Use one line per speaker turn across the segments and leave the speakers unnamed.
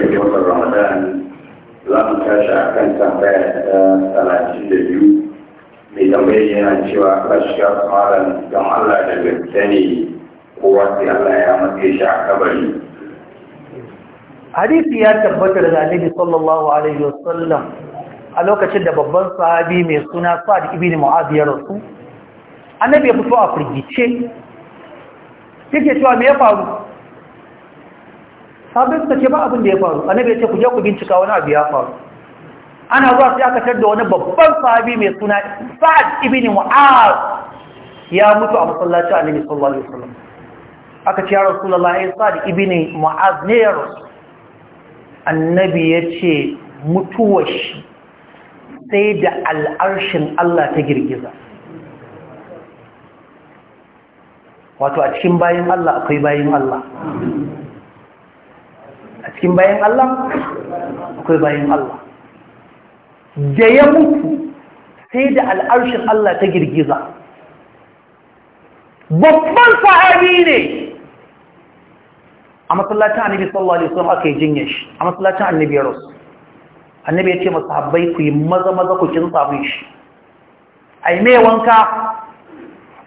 muke watan ramadan za mu tashi a kan tambaya ta talatin da biyu mai tambayar yana cewa kashka malam don allah da gaske ne kowa sai allah ya matse shi a kabari
hadisi ya tabbata daga annabi sallallahu alaihi wasallam a lokacin da babban sahabi mai suna sa'ad ibn mu'az ya rasu annabi ya fito a firgice yake cewa me ya faru sabbin suka ce ba abin da ya faru annabi ya ce ku je ku bincika wani abu ya faru ana zuwa sai aka tar da wani babban sahabi mai suna Sa'ad ibn Mu'az ya mutu a masallaci Annabi sallallahu alaihi wasallam aka ce ya Rasulullahi eh, Sa'ad ibn Mu'az ne ya annabi yace mutuwar shi sai da al'arshin Allah ta girgiza wato a cikin bayan Allah akwai bayan Allah cikin bayan Allah akwai bayan Allah da ya mutu sai da al'arshin Allah ta girgiza babban sahabi ne a masallacin annabi sallallahu alaihi wasallam aka yi jinyar shi a masallacin annabi ya rasu annabi ya ce masu habai ku yi maza maza ku kin samu shi A yi mai wanka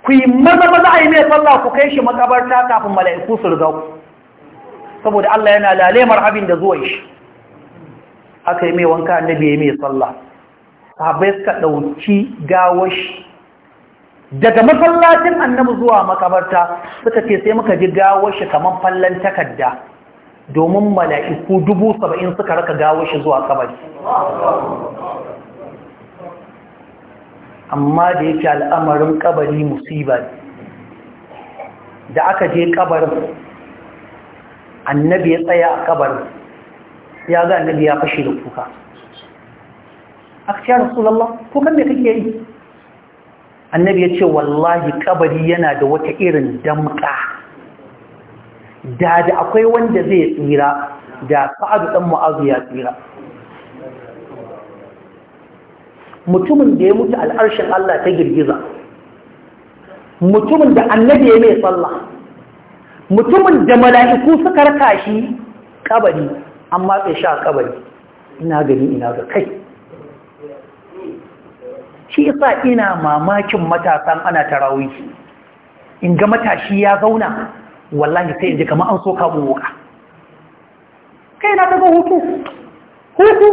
ku yi maza maza a yi mai sallah ku kai shi makabarta kafin mala'iku su riga ku saboda Allah yana lalemar abin da zuwa shi aka yi mai wanka annabi ya mai sallah sahabai suka ɗauki gawashi daga masallacin annabi zuwa makabarta suka ce sai muka ji gawashi kamar fallon takarda domin mala'iku dubu saba'in suka raka gawashi zuwa kabari amma da yake al'amarin kabari musibar da aka je kabarin annabi ya tsaya a kabarin ya ga annabi ya fashe da kuka aka ce rasulallah kukan me kake yi annabi ya ce wallahi kabari yana da wata irin damka da da akwai wanda zai tsira da sa'adu dan mu'azu ya tsira mutumin da ya mutu al'arshin Allah ta girgiza mutumin da annabi ya mai sallah mutumin da mala'iku suka raka shi kabari an matse sha kabari ina gani ina ga kai shi isa ina mamakin matasan ana tarawih in ga matashi ya zauna wallahi sai in kama an soka mu wuka kai na kaga hutu hutu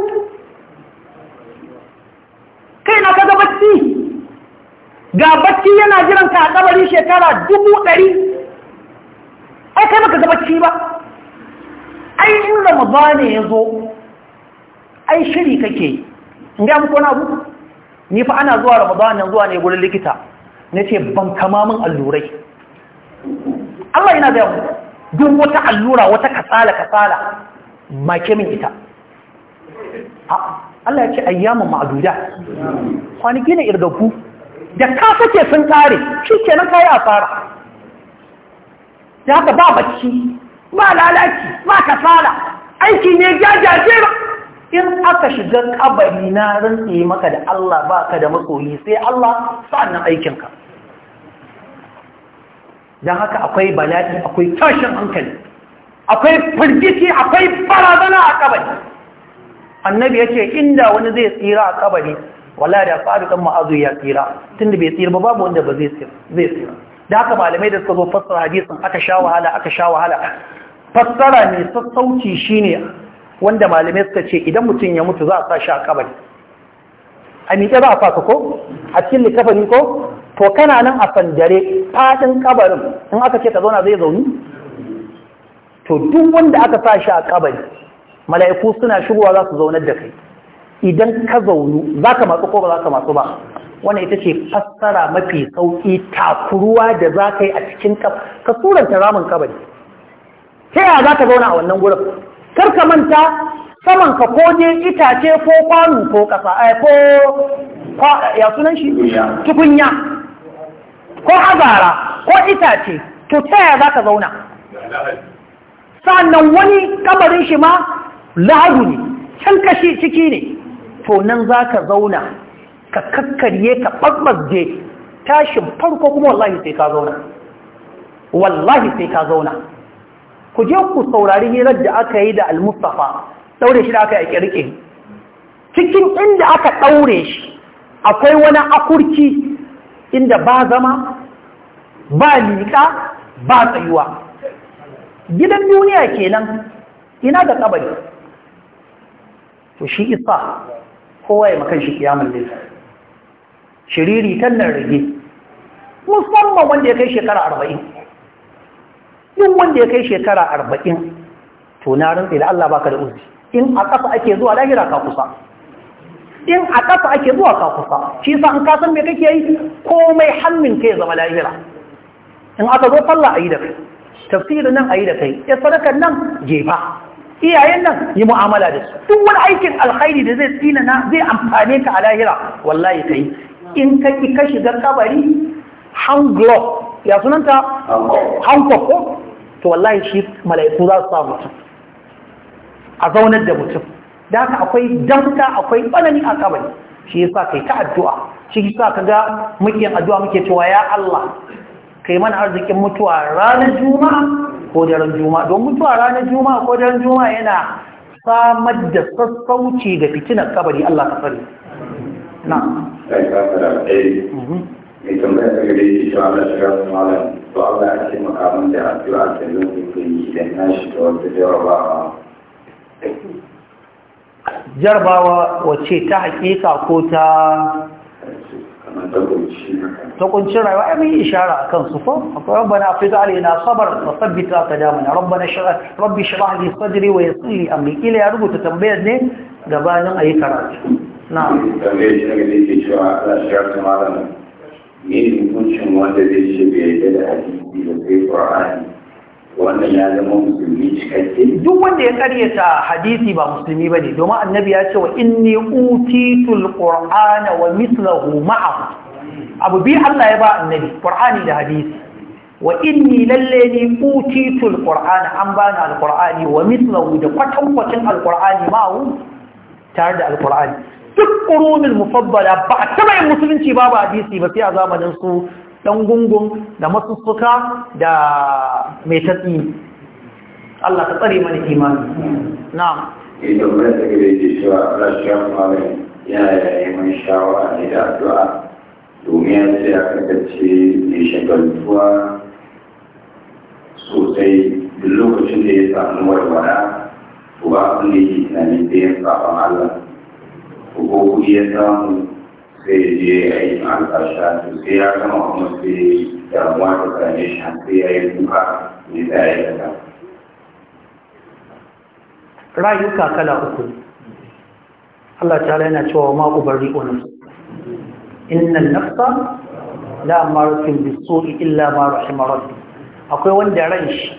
kai na kaga bacci ga bacci yana jiran a kabari shekara dubu ɗari ai kai baka gaba ci ba ai in ramadana ya zo ai shiri kake in ga muku wani abu ni fa ana zuwa ramadana zuwa ne gurin likita na ce ban kama min allurai Allah yana da yawa duk wata allura wata kasala kasala make min ita Allah ya ce ayyamun ma'aduda kwanaki ne irgaku da ka sake sun kare shi kenan kayi asara da haka ba bacci ba lalaci ba kasala aiki ne ba. in aka shiga kabari na rantse maka da Allah ba ka da makoyi sai Allah sa'annan aikinka don haka akwai bala'i akwai tashin hankali akwai firgici akwai barazana a kabari annabi ya ce inda wani zai tsira a kabari wala da kan ma'azu ya tsira tun da bai tsira ba babu wanda ba zai tsira da haka malamai da suka zo fassara hadisin aka sha wahala aka sha wahala fassara mai sassauci shine wanda malamai suka ce idan mutum ya mutu za a sa shi a kabari a miƙe za a fasa ko a cikin likafani ko to kana nan a sandare fadin kabarin in aka ce ka zauna zai zauni to duk wanda aka sa shi a kabari mala'iku suna shigowa za su zaunar da kai idan ka zaunu za ka matsu ko ba za ka matsu ba wannan ita ce fassara mafi sauƙi takuruwa da za ka yi a cikin ka suranta ramin kabari ta yaya za ka zauna a wannan gurin kar ka manta saman ka ko itace ko kwano ko kasa ai eh, ko ya sunan shi tukunya ko hazara ko itace to ta yaya za ka zauna sannan wani kabarin shi ma lahadu ne can kashi ciki ne to nan za ka zauna ka kakkarye ka je tashin farko kuma wallahi sai ka zauna wallahi sai ka zauna ku je ku saurari hirar da aka yi da al-mustafa ɗaure shi da aka yi rike cikin inda aka ɗaure shi akwai wani akurki inda ba zama ba liƙa ba tsayuwa gidan duniya kenan ina da ƙabari? to shi isa kowa ya makan shi kiyamun lillahi shiriri tallar rage musamman wanda ya kai shekara arba'in yin wanda ya kai shekara arba'in to na rantsi da Allah baka da uzi in a ƙasa ake zuwa lahira ka kusa in a ƙasa ake zuwa ka kusa shi sa an ka san me kake yi komai hannun ka ya zama lahira in aka zo sallah a yi da kai tafsirin nan a yi da kai ya sadakar nan jefa iyayen nan yi mu'amala da su duk wani aikin alkhairi da zai tsina na zai amfane ka a lahira wallahi ka yi in ka ki ka shiga kabari hand ya sunanta hand ko to wallahi shi mala'iku za su sa mutum a zaunar da mutum da haka akwai damta akwai tsanani a kabari shi yasa kai ta addu'a shi yasa kaga muke addu'a muke cewa ya Allah kai mana arzikin mutuwa ranar juma'a ko daren juma'a don mutuwa ranar juma'a ko daren juma'a yana samar da sassauci da fitinar kabari Allah ka sani
na kai ka fara dai mai tambaya ta gare shi shi Allah shiga malam to Allah ya ce makaman da addu'a da zan yi idan na shiga wata jarabawa
jarabawa wace ta hakika ko ta تقول شرع وأمي إشارة كان صفر ربنا أفض علينا صبر وثبت أقدامنا ربنا شرع ربي شرح لي صدري ويصل لي أمري إلى أرجو تتنبيه دين قبانا أي كرات duk wanda ya karyata hadisi ba musulmi bane domin annabi ya ce wa inni utitul qur'ana wa mithluhu ma'ahu abu bi Allah ya ba annabi qur'ani da hadisi wa inni lalle ni utitul qur'ana an bani alqur'ani wa mithluhu da kwatankwacin alqur'ani ma'ahu tare da alqur'ani duk ƙurunin mufabbala ba a taɓa yin musulunci ba ba hadisi ba sai a zamanin su ɗan gungun da masussuka da mai tatsi Allah ta tsare mana imani na
idan mai take da yake cewa rashin malami yana da neman shawara ne da addu'a domin ya ce a kasance mai shagaltuwa sosai duk lokacin da ya samu warwara to ba abin da yake tunanin da ya saba Allah ko kuɗi ya samu sai ya je aikin alfasha to sai ya kama kuma sai damuwa ta same shi sai ya yi kuka ne za a yi
kasa. kala uku Allah ta yana cewa ma ubari onarsu. inna nafsa la marufin bisu'i illa ma rahima rabbi akwai wanda ran shi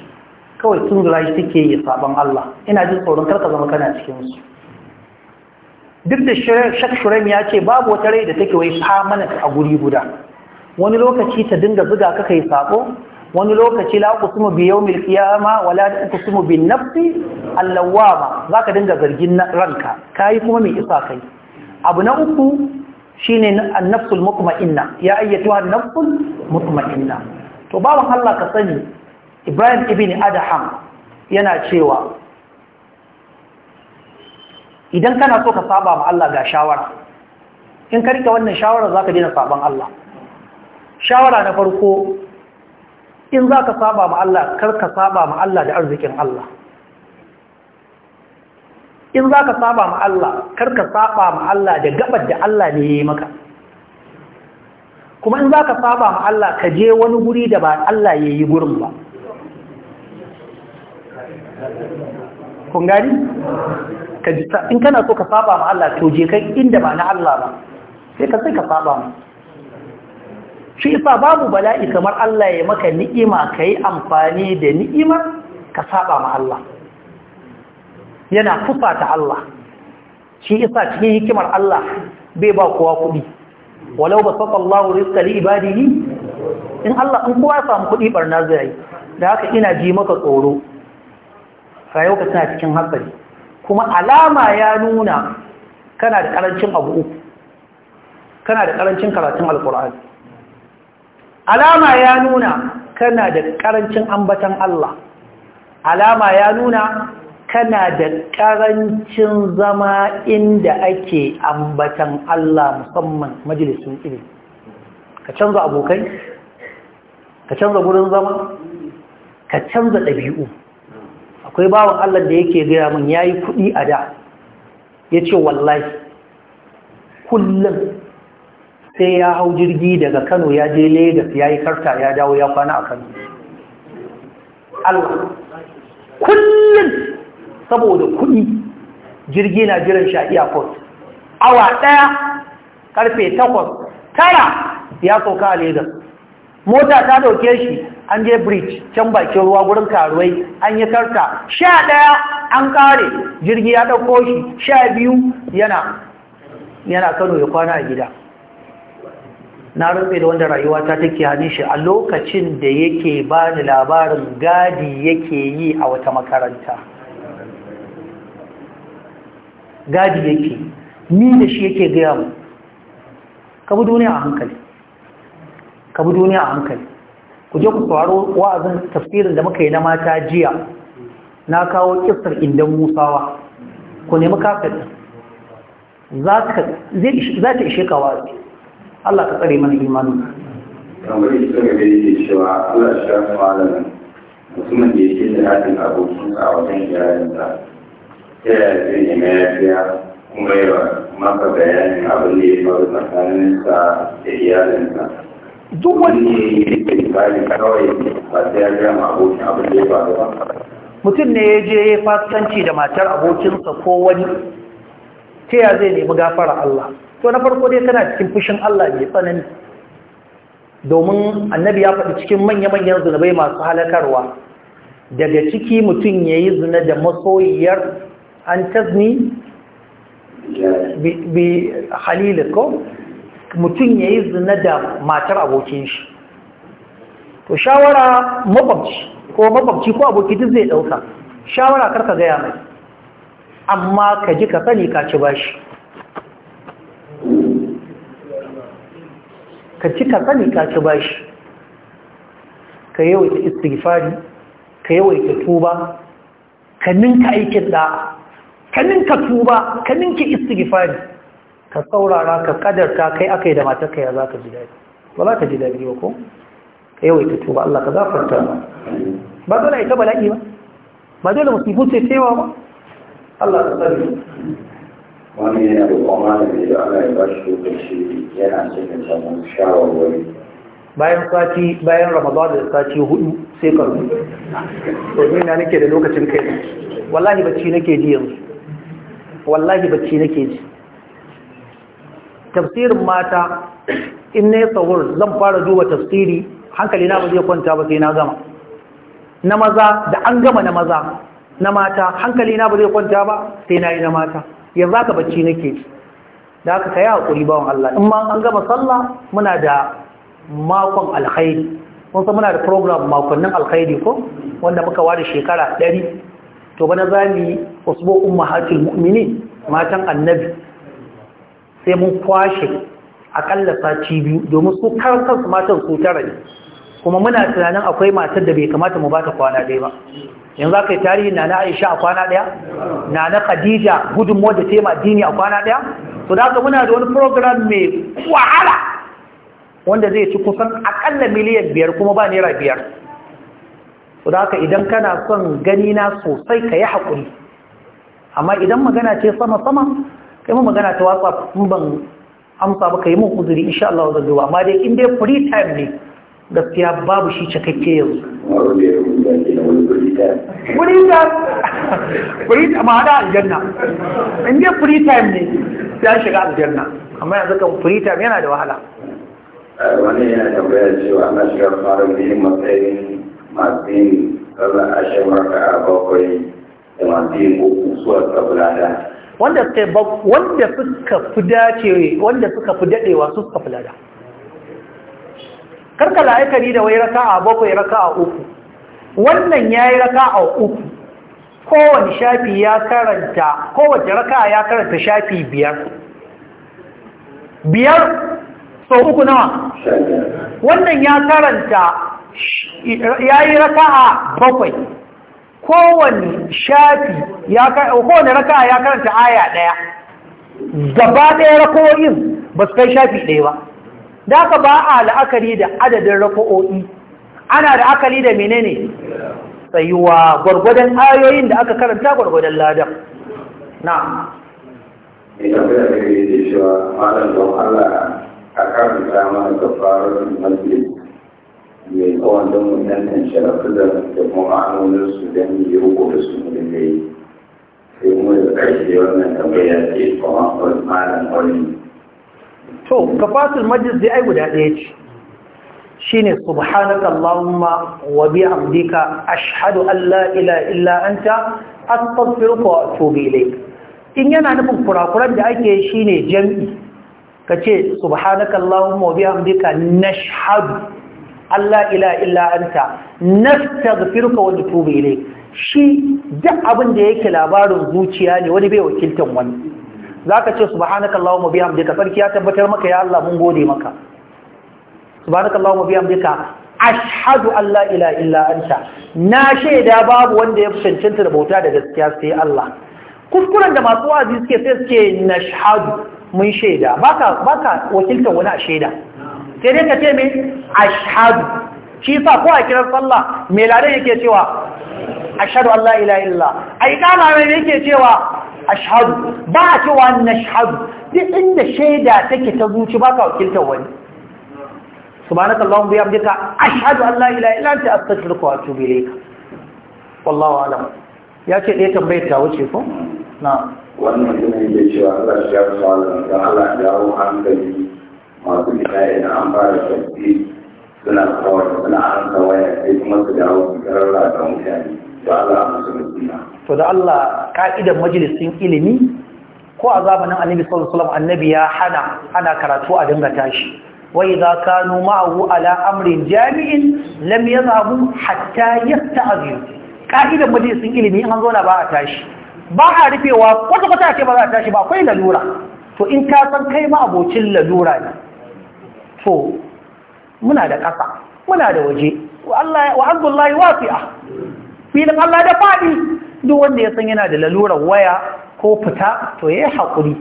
kawai tun zura shi take yi saban Allah ina jin tsoron karka zama kana cikinsu. duk da shak ya ce babu wata rai da take wai mana a guri guda wani lokaci ta dinga zuga ka kai sako wani lokaci la sumu bi yawmil qiyama wala sumu bin nafsi allawama zaka dinga zargin ranka kai kuma mai isa kai abu na uku shine an-nafsul mutma'inna ya ayyatuha an-nafsul mutma'inna to babu Allah ka sani Ibrahim ibn Adham yana cewa idan kana so ka saba ma Allah ga shawara in ka rika wannan shawara za ka daina saban Allah shawara na farko in za ka saba ma Allah kar ka saba ma Allah da arzikin Allah in za ka saba ma Allah kar ka saba ma Allah da gabar da Allah ne ya yi maka kuma in za ka saba ma Allah ka je wani guri da ba Allah ya yi gurin ba kun gani ka ji in kana so ka saba ma Allah to je kai inda ba na Allah ba sai ka sai ka saba ma shi isa babu bala'i kamar Allah ya maka ni'ima kai amfani da ni'imar ka saba ma Allah yana kufa ta Allah shi isa cikin hikimar Allah bai ba kowa kuɗi walau ba saka Allah rizqa li ibadihi in Allah in kowa ya samu kuɗi barna zai da haka ina ji maka tsoro rayuwa ka cikin hatsari kuma alama ya nuna kana da karancin abu uku kana da karancin karatun alkur'ani alama ya nuna kana da karancin ambatan Allah alama ya nuna kana da karancin zama inda ake ambatan Allah musamman majalisun ilimi ka canza abokai ka canza gurin zama ka canza ɗabi'u akwai bawan Allah da yake gaya mun yayi yi kuɗi a da ya wallahi kullum sai ya hau jirgi daga kano ya je Legas ya yi karta ya dawo ya kwana a kano Allah kullum saboda kudi jirgi na jiran sha iya airport awa daya karfe takwas tara ya sauka a Legas mota ta dauke shi an je bridge can bakin ruwa gurin karuwai an yi karka sha ɗaya an kare. jirgi ya ɗauko shi sha biyu yana yana kano ya kwana a gida na rufe da wanda rayuwa ta take hannun shi a lokacin da yake ba ni labarin gadi yake yi a wata makaranta gadi yake ni da shi yake gaya mu ka bi duniya a hankali ka bi duniya a hankali ku je ku faru wa'azin tafsirin da muka yi na mata jiya na kawo kisar indan musawa ku nemi kafin za ta ishe ka wa'azi Allah ka tsare mana imanu
kamar yi suka cewa mutumin da da abokinsa a yaya zai kuma yawa maka bayanin abin da ya faru tsakaninsa da iyalinsa duk wani
mutum ne ya je ya fasikanci da matar abokinsa ko wani ta ya zai nemi gafara Allah to na farko dai tana cikin fushin Allah mai tsanani domin annabi ya faɗi cikin manya-manyan zunubai masu halakarwa daga ciki mutum ya yi zina da masoyiyar an tazni bi halilu ko mutum ya yi zina da matar abokin shi to shawara mabamci ko mabamci ko aboki duk zai ɗauka shawara karka gaya mai amma ka ji ka sani ka ci bashi ka ci ka sani ka ci bashi ka yawaita istighfari ka yawaita tuba ka ninka aikin da ka ninka tuba ka ninka istighfari ka saurara ka kadarta kai aka yi da matarka ya za ka ji daɗi ba za ka ji daɗi ba ko ka ta tuba Allah ka zafarta ba ba dole ita bala'i ba ba dole musibu ce cewa ba
Allah ka tsare wani yana da kwamma da mai da Allah ya ba shi lokaci yana cikin samun shawarwari
bayan sati bayan ramadan da sati hudu sai ka rubu domin na nake da lokacin kai wallahi bacci nake ji yanzu wallahi bacci nake ji tafsirin mata in na yi sahur zan fara duba tafsiri hankali na ba zai kwanta ba sai na gama na maza da an gama na maza na mata hankali na ba zai kwanta ba sai na yi na mata yanzu haka bacci nake ci. da haka kai hakuri bawan Allah in ma an gama sallah muna da makon alkhairi kun san muna da program makonnin alkhairi ko wanda muka ware shekara 100 to bana wasu usbu ummahatul mu'minin matan annabi sai mun kwashe akalla sati biyu domin su kansu matan su tara ne kuma muna tunanin akwai matar da bai kamata mu bata kwana ɗaya ba yanzu aka yi tarihi na na aisha a kwana ɗaya na na khadija gudunmuwa da tema dini a kwana ɗaya su da haka muna da wani program mai wahala wanda zai ci kusan akalla miliyan biyar kuma ba naira biyar Su da haka idan kana son gani na sosai ka yi haƙuri amma idan magana ce sama-sama kai mun magana ta WhatsApp in ban amsa ba kai mun uzuri insha Allah zan duba amma dai in dai free time ne gaskiya babu shi cakakke yau
free time
free time ma da aljanna in dai free time ne sai shiga aljanna amma yanzu kan free time yana da wahala
wannan yana tambaya cewa na shiga fara bihin matsayin matsayin kaza a shemar ka a bakwai da masu
yin uku suwa tsablada wanda suka wanda suka fi dace wanda suka fi dadewa su suka fi lada karkala aikari da wai a bakwai a uku wannan raka a uku kowane shafi ya karanta kowace raka ya karanta shafi biyar biyar sau uku nawa wannan ya karanta ya yi raka a bakwai kowane shafi ya kowane raka ya karanta aya ɗaya gaba ɗaya rako'in ba su kai shafi ɗaya ba da aka ba a la'akari da adadin rako'o'i ana da akali da menene tsayuwa gwargwadon ayoyin da aka karanta gwargwadon ladan na
ina da ke yi malam don Allah a karanta mai tsawon da ƙarshe wannan tambaya ce kuma malam
to kafatul majlis dai ai guda ɗaya ce ne subhanaka allahumma wa bihamdika ashhadu ashadu Allah ilaha illa anta astaghfiruka wa atubu in yana nufin kurakuran da ake shi ne jami'i kace subhanaka allahumma wa bihamdika nashhadu an Allah ilaha illa anta nastaghfiruka wa atubu shi duk abin da yake labarin zuciya ne wani bai wakiltan wani ka ce subhanakallahumma bihamdika sarki ya tabbatar maka ya Allah mun gode maka subhanakallahumma bihamdika ashhadu Ashadu Allah ila illa anta na shaida babu wanda ya cancanta da bauta da gaskiya sai Allah kuskuren da masu wazi suke sai suke nashhadu mun shaida baka baka wakiltan wani a shaida sai dai ka ce me ashhadu shi sa ko a kiran sallah me ladan yake cewa ashhadu an la ilaha illallah ai kama ne yake cewa ashhadu ba a cewa nashhadu duk inda shaida take ta zuci baka wakiltar wani subhanaka allahumma bihamdika ashhadu an la ilaha illa anta astaghfiruka wa atubu ilayk wallahu a'lam ya ce dai tambayar ta wuce ko na
wannan yana yake cewa Allah ya shafa da Allah ya hawo hankali masu gida idan an fara tafi suna kawai suna an kawai sai kuma su dawo su karara da mutane to
da Allah ka'idar majalisin ilimi ko a zamanin annabi sallallahu alaihi wasallam annabi ya hana ana karatu a dinga tashi wai idza kanu ma'ahu ala amrin jami'in lam yadhhabu hatta yasta'dhin ka'idar majalisin ilimi an zo na ba a tashi ba a rufewa kwata kwata ce ba za a tashi ba akwai lalura to in ka san kai ma abocin lalura ne to muna da ƙasa muna da waje wa Allah wa Abdullahi wafi'a filin Allah da faɗi duk wanda ya san yana da lalurar waya ko fita to ya yi haƙuri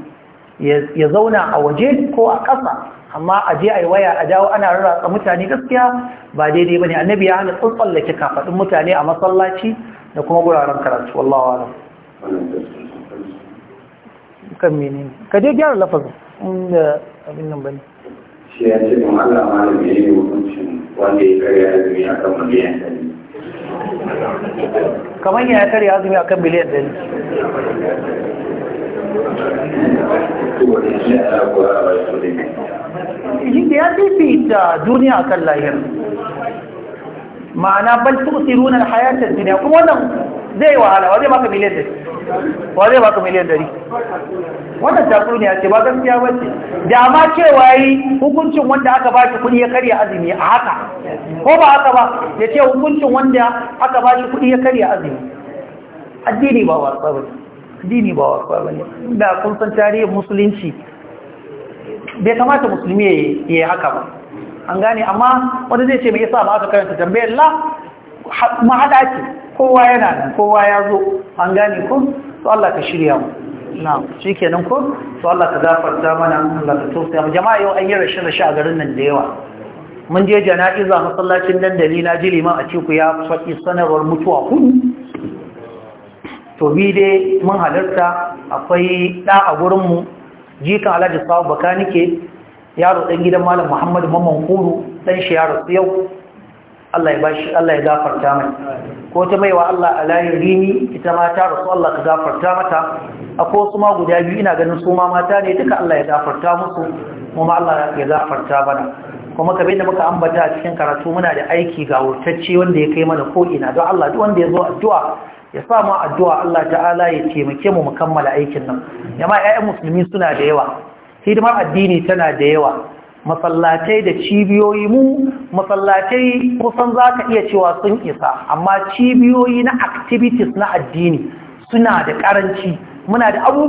ya zauna a waje ko a ƙasa amma a je a yi waya a dawo ana rarratsa mutane gaskiya ba daidai ba ne annabi ya hana tsallake kafaɗin mutane a masallaci da kuma guraren karatu wallawa alam kan mene ka je gyara lafazin inda abin nan ba ne
shi ya ce kuma Allah malam ya yi hukuncin wanda ya karya azumi akan miliyan
kamar ya karya azumi akan miliyan ɗari ya fifita duniya akan lahir ma'ana bal tu'tiruna al-hayata ad kuma wannan zai wahala wa zai maka miliyan ɗari wa zai baka miliyan dari wannan a ce ba gaskiya ba ce da ma cewa yi hukuncin wanda aka ba shi kuɗi ya karya azumi a haka ko ba haka ba ya ce hukuncin wanda aka ba shi kuɗi ya karya azumi addini ba wa ba addini ba wa ba ne da kun san tarihin musulunci bai kamata musulmi ya yi haka ba an gane amma wanda zai ce mai yasa ba aka karanta tambayar la ma hada ce kowa yana nan kowa ya zo an gane ku to Allah ka shirya mu na'am kenan ku to Allah ka gafarta mana Allah ka tausaya mu jama'a yau an yi rashin rashi a garin nan da yawa mun je jana'iza masallacin dandali na ji liman a ku ya faɗi sanarwar mutuwa ku to bi dai mun halarta akwai ɗa a gurinmu jikan alhaji sawu baka nike yaro ɗan gidan malam muhammadu mamman kuru ɗan shi yaro yau Allah ya bashi Allah ya gafarta mai ko ta maiwa Allah alayhi rini ita mata, rasu Allah ka gafarta mata akwai wasu ma guda biyu ina ganin su ma mata ne duka Allah ya gafarta musu kuma Allah ya gafarta bana. kuma kabe da muka ambata a cikin karatu muna da aiki ga wurtacce wanda ya kai mana ko ina don Allah duk wanda ya zo addu'a ya sa mu addu'a Allah ta'ala ya taimake mu mu kammala aikin nan yamma ƴaƴan musulmi suna da yawa hidimar addini tana da yawa masallatai da cibiyoyi mu masallatai kusan za ka iya cewa sun isa amma cibiyoyi na activities na addini suna da ƙaranci muna da abubu